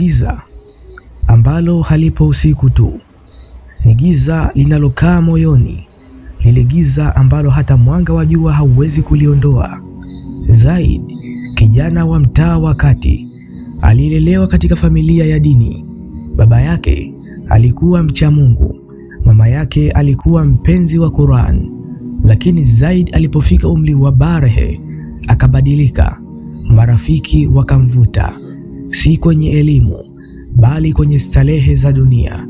giza ambalo halipo usiku tu, ni giza linalokaa moyoni, lile giza ambalo hata mwanga wa jua hauwezi kuliondoa. Zaid, kijana wa mtaa wa kati, alilelewa katika familia ya dini. Baba yake alikuwa mcha Mungu, mama yake alikuwa mpenzi wa Qur'an. Lakini Zaid alipofika umri wa barehe akabadilika, marafiki wakamvuta si kwenye elimu, bali kwenye starehe za dunia.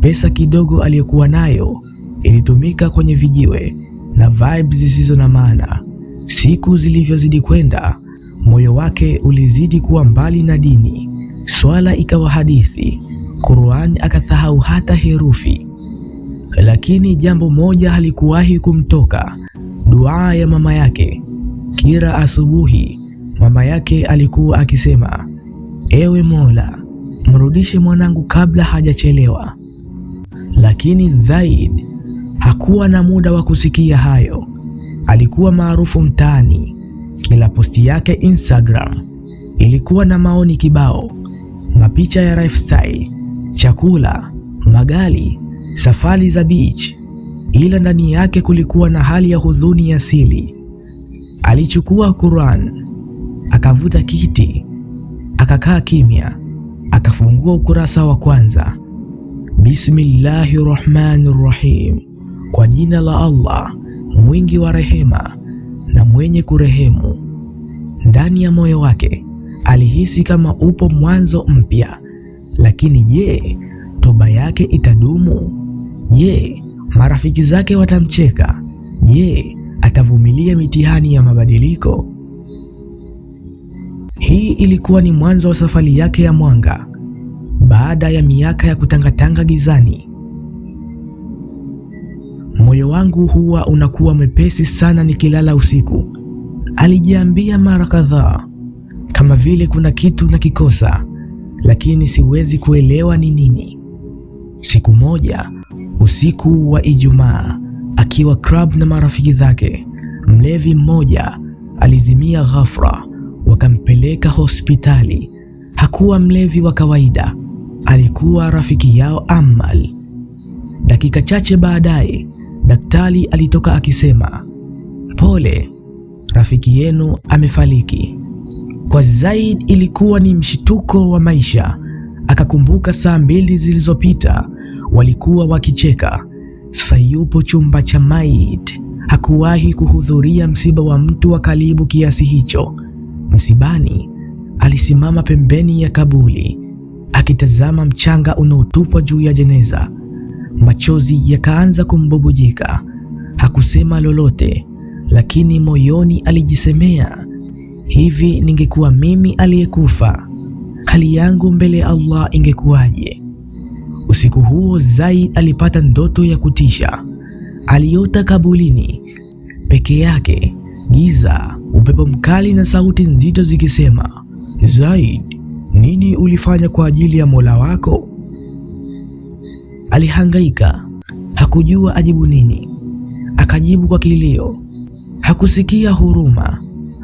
Pesa kidogo aliyokuwa nayo ilitumika kwenye vijiwe na vibes zisizo na maana. Siku zilivyozidi kwenda, moyo wake ulizidi kuwa mbali na dini. Swala ikawa hadithi, Qur'an akasahau hata herufi. Lakini jambo moja halikuwahi kumtoka, dua ya mama yake. Kila asubuhi mama yake alikuwa akisema Ewe Mola, mrudishe mwanangu kabla hajachelewa. Lakini Zaid hakuwa na muda wa kusikia hayo. Alikuwa maarufu mtaani, kila posti yake Instagram ilikuwa na maoni kibao, mapicha ya lifestyle, chakula, magari, safari za beach, ila ndani yake kulikuwa na hali ya huzuni ya siri. Alichukua Quran akavuta kiti Akakaa kimya, akafungua ukurasa wa kwanza. Bismillahi rahmani rahim, kwa jina la Allah mwingi wa rehema na mwenye kurehemu. Ndani ya moyo wake alihisi kama upo mwanzo mpya, lakini je, toba yake itadumu? Je, marafiki zake watamcheka? Je, atavumilia mitihani ya mabadiliko? Hii ilikuwa ni mwanzo wa safari yake ya mwanga baada ya miaka ya kutangatanga gizani. Moyo wangu huwa unakuwa mwepesi sana nikilala usiku, alijiambia mara kadhaa, kama vile kuna kitu na kikosa lakini siwezi kuelewa ni nini. Siku moja usiku wa Ijumaa, akiwa club na marafiki zake, mlevi mmoja alizimia ghafla wakampeleka hospitali. Hakuwa mlevi wa kawaida, alikuwa rafiki yao Amal. Dakika chache baadaye daktari alitoka akisema, pole, rafiki yenu amefariki. Kwa Zaid ilikuwa ni mshituko wa maisha. Akakumbuka saa mbili zilizopita walikuwa wakicheka. Sayupo chumba cha maiti. Hakuwahi kuhudhuria msiba wa mtu wa karibu kiasi hicho msibani alisimama pembeni ya kaburi akitazama mchanga unaotupwa juu ya jeneza. Machozi yakaanza kumbubujika. Hakusema lolote, lakini moyoni alijisemea, hivi ningekuwa mimi aliyekufa, hali yangu mbele ya Allah ingekuwaje? Usiku huo Zaid alipata ndoto ya kutisha. Aliota kabulini peke yake giza, upepo mkali na sauti nzito zikisema, Zaid, nini ulifanya kwa ajili ya Mola wako? Alihangaika, hakujua ajibu nini. Akajibu kwa kilio, hakusikia huruma.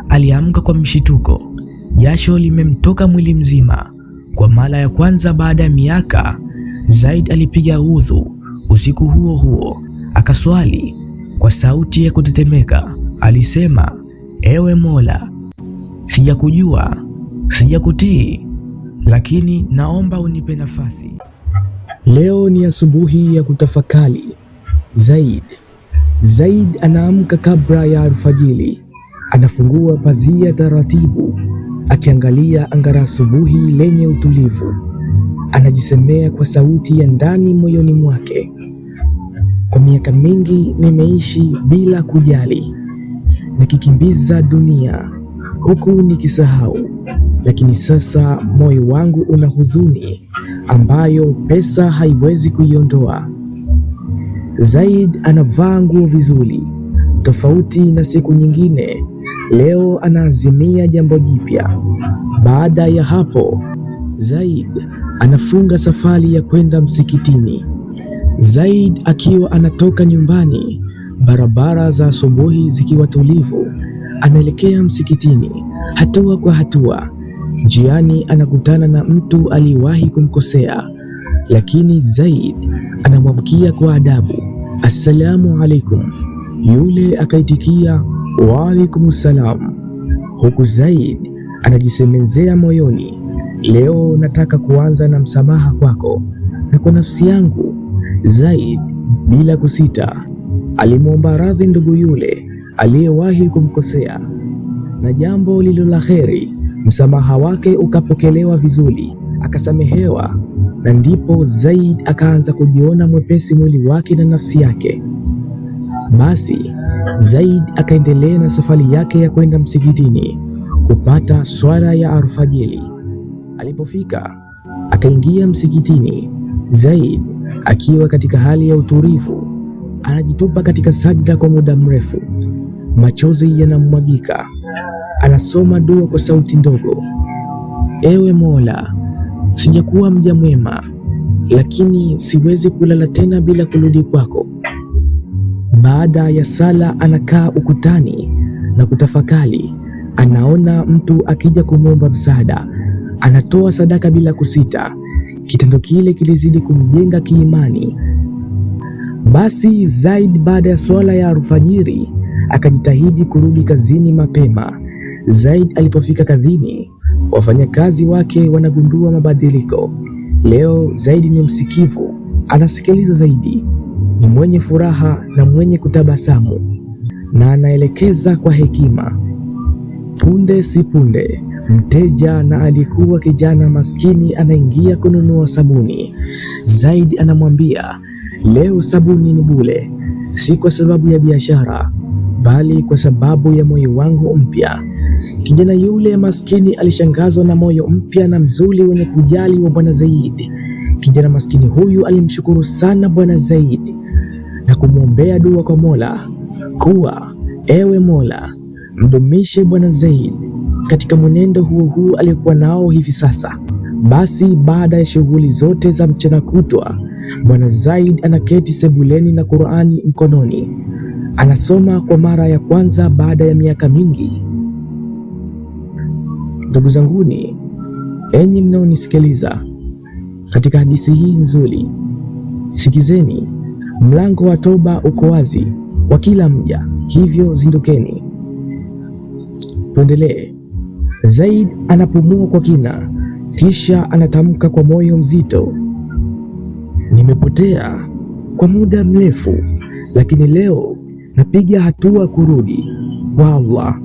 Aliamka kwa mshituko, jasho limemtoka mwili mzima. Kwa mara ya kwanza baada ya miaka, Zaid alipiga udhu usiku huo huo, akaswali kwa sauti ya kutetemeka, alisema, ewe Mola, sijakujua, sijakutii, lakini naomba unipe nafasi. Leo ni asubuhi ya kutafakari. Zaid Zaid anaamka kabla ya alfajiri, anafungua pazia taratibu, akiangalia anga la asubuhi lenye utulivu. Anajisemea kwa sauti ya ndani moyoni mwake, kwa miaka mingi nimeishi bila kujali nikikimbiza dunia huku nikisahau, lakini sasa moyo wangu una huzuni ambayo pesa haiwezi kuiondoa. Zaid anavaa nguo vizuri, tofauti na siku nyingine. Leo anaazimia jambo jipya. Baada ya hapo, Zaid anafunga safari ya kwenda msikitini. Zaid akiwa anatoka nyumbani barabara za asubuhi zikiwa tulivu. Anaelekea msikitini hatua kwa hatua. Njiani anakutana na mtu aliyewahi kumkosea, lakini Zaid anamwamkia kwa adabu, assalamu alaikum. Yule akaitikia waalaikum salam, huku Zaid anajisemezea moyoni, leo nataka kuanza na msamaha kwako na kwa nafsi yangu Zaid, bila kusita Alimwomba radhi ndugu yule aliyewahi kumkosea, na jambo lilo la heri, msamaha wake ukapokelewa vizuri, akasamehewa, na ndipo Zaid akaanza kujiona mwepesi mwili wake na nafsi yake. Basi Zaid akaendelea na safari yake ya kwenda msikitini kupata swala ya alfajiri. Alipofika akaingia msikitini, Zaid akiwa katika hali ya utulivu anajitupa katika sajda kwa muda mrefu, machozi yanamwagika. Anasoma dua kwa sauti ndogo: ewe Mola, sijakuwa mja mwema, lakini siwezi kulala tena bila kurudi kwako. Baada ya sala, anakaa ukutani na kutafakari. Anaona mtu akija kumwomba msaada, anatoa sadaka bila kusita. Kitendo kile kilizidi kumjenga kiimani. Basi Zaid baada ya swala ya alfajiri akajitahidi kurudi kazini mapema. Zaid alipofika kazini, wafanyakazi wake wanagundua mabadiliko. Leo Zaid ni msikivu, anasikiliza zaidi, ni mwenye furaha na mwenye kutabasamu, na anaelekeza kwa hekima. Punde si punde mteja na alikuwa kijana maskini anaingia kununua sabuni. Zaid anamwambia Leo sabuni ni bure, si kwa sababu ya biashara, bali kwa sababu ya moyo wangu mpya. Kijana yule maskini alishangazwa na moyo mpya na mzuri wenye kujali wa Bwana Zaidi. Kijana maskini huyu alimshukuru sana Bwana Zaidi na kumwombea dua kwa Mola kuwa, ewe Mola, mdumishe Bwana Zaidi katika mwenendo huo huo aliyokuwa nao hivi sasa. Basi baada ya shughuli zote za mchana kutwa Bwana Zaid anaketi sebuleni na Qur'ani mkononi, anasoma kwa mara ya kwanza baada ya miaka mingi. Ndugu zanguni, enyi mnaonisikiliza katika hadithi hii nzuri, sikizeni, mlango wa toba uko wazi kwa kila mja, hivyo zindukeni. Tuendelee. Zaid anapumua kwa kina, kisha anatamka kwa moyo mzito Nimepotea kwa muda mrefu, lakini leo napiga hatua kurudi kwa Allah.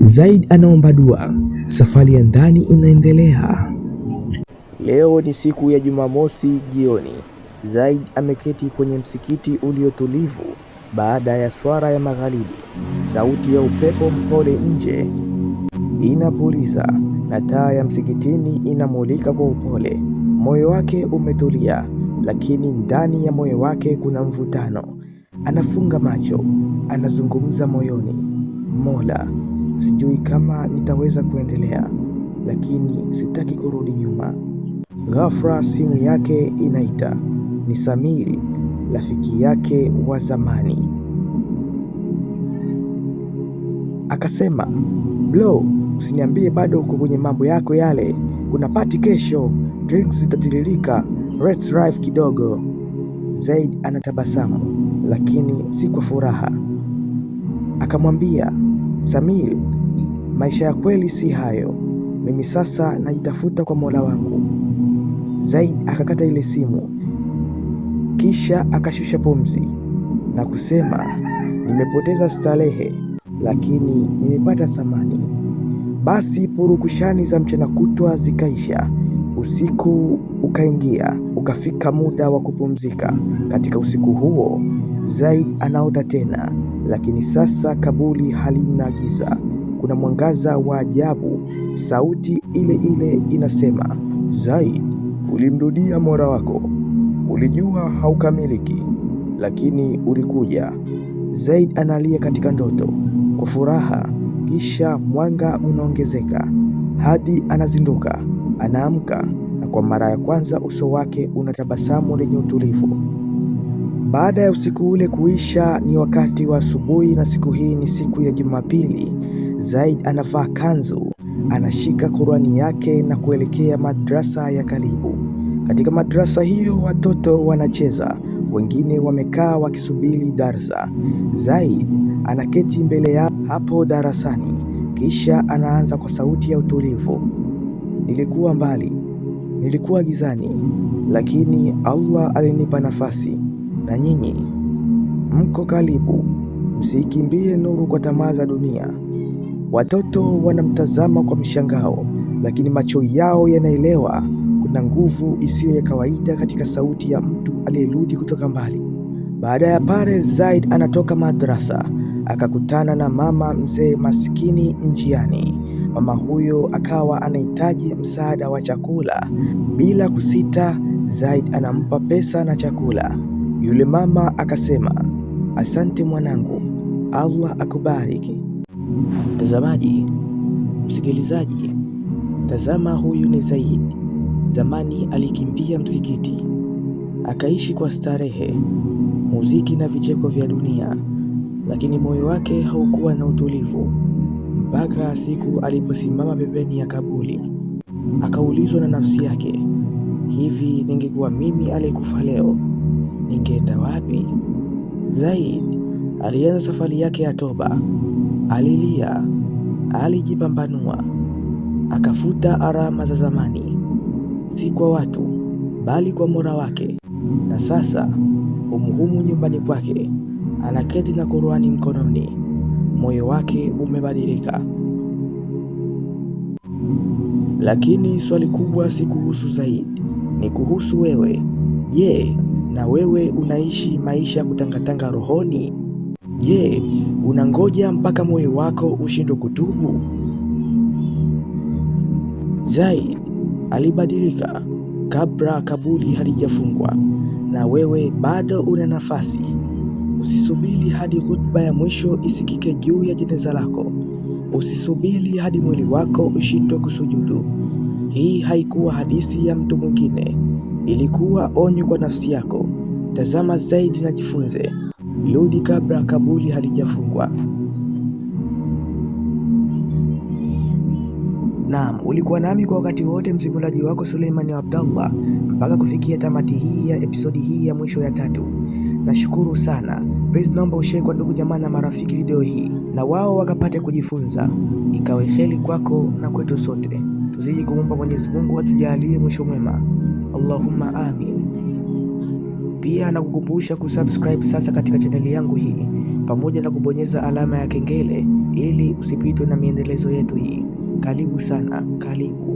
Zaid anaomba dua, safari ya ndani inaendelea. Leo ni siku ya Jumamosi jioni. Zaid ameketi kwenye msikiti uliotulivu baada ya swara ya magharibi. Sauti ya upepo mpole nje inapuliza na taa ya msikitini inamulika kwa upole. Moyo wake umetulia, lakini ndani ya moyo wake kuna mvutano. Anafunga macho, anazungumza moyoni, Mola, sijui kama nitaweza kuendelea, lakini sitaki kurudi nyuma. Ghafla simu yake inaita, ni Samiri, rafiki yake wa zamani. Akasema, bro, usiniambie bado uko kwenye mambo yako yale, kuna pati kesho, drinks zitatiririka. Let's Live kidogo. Zaid anatabasamu lakini si kwa furaha. Akamwambia Samir, maisha ya kweli si hayo, mimi sasa najitafuta kwa Mola wangu. Zaid akakata ile simu kisha akashusha pumzi na kusema, nimepoteza starehe lakini nimepata thamani. Basi purukushani za mchana kutwa zikaisha, usiku ukaingia. Ukafika muda wa kupumzika. Katika usiku huo, Zaid anaota tena, lakini sasa kaburi halina giza, kuna mwangaza wa ajabu. Sauti ile ile inasema, Zaid, ulimrudia mora wako, ulijua haukamiliki, lakini ulikuja. Zaid analia katika ndoto kwa furaha, kisha mwanga unaongezeka hadi anazinduka, anaamka kwa mara ya kwanza uso wake una tabasamu lenye utulivu. Baada ya usiku ule kuisha, ni wakati wa asubuhi, na siku hii ni siku ya Jumapili. Zaid anavaa kanzu, anashika Qurani yake na kuelekea madrasa ya karibu. Katika madrasa hiyo watoto wanacheza, wengine wamekaa wakisubiri darsa. Zaid anaketi mbele ya hapo darasani, kisha anaanza kwa sauti ya utulivu, nilikuwa mbali Nilikuwa gizani, lakini Allah alinipa nafasi, na nyinyi mko karibu. Msiikimbie nuru kwa tamaa za dunia. Watoto wanamtazama kwa mshangao, lakini macho yao yanaelewa. Kuna nguvu isiyo ya kawaida katika sauti ya mtu aliyerudi kutoka mbali. Baada ya pale, Zaid anatoka madrasa akakutana na mama mzee maskini njiani. Mama huyo akawa anahitaji msaada wa chakula. Bila kusita, Zaid anampa pesa na chakula. Yule mama akasema, asante mwanangu, Allah akubariki. Mtazamaji, msikilizaji, tazama, huyu ni Zaid. Zamani alikimbia msikiti, akaishi kwa starehe, muziki na vicheko vya dunia, lakini moyo wake haukuwa na utulivu mpaka siku aliposimama pembeni ya kaburi akaulizwa na nafsi yake, hivi ningekuwa mimi aliyekufa leo ningeenda wapi? Zaid alianza safari yake ya toba, alilia, alijipambanua, akafuta arama za zamani, si kwa watu bali kwa mora wake. Na sasa humuhumu nyumbani kwake anaketi na kuruani mkononi moyo wake umebadilika. Lakini swali kubwa si kuhusu Zaid, ni kuhusu wewe. Je, na wewe unaishi maisha ya kutangatanga rohoni? Je, unangoja mpaka moyo wako ushindwe kutubu? Zaid alibadilika kabla kaburi halijafungwa, na wewe bado una nafasi. Usisubiri hadi Tiba ya mwisho isikike juu ya jeneza lako. Usisubiri hadi mwili wako ushindwe kusujudu. Hii haikuwa hadithi ya mtu mwingine, ilikuwa onyo kwa nafsi yako. Tazama zaidi na jifunze. Rudi kabla kaburi halijafungwa. Naam, ulikuwa nami kwa wakati wote, msimulaji wako Suleimani Abdallah, mpaka kufikia tamati hii ya episodi hii ya mwisho ya tatu. Nashukuru sana. Please naomba ushare kwa ndugu jamaa na marafiki video hii, na wao wakapate kujifunza. Ikawe heri kwako na kwetu sote, tuzidi kumwomba Mwenyezi Mungu atujalie mwisho mwema, Allahumma amin. Pia nakukumbusha kusubscribe sasa katika chaneli yangu hii pamoja na kubonyeza alama ya kengele ili usipitwe na miendelezo yetu hii. Karibu sana, karibu.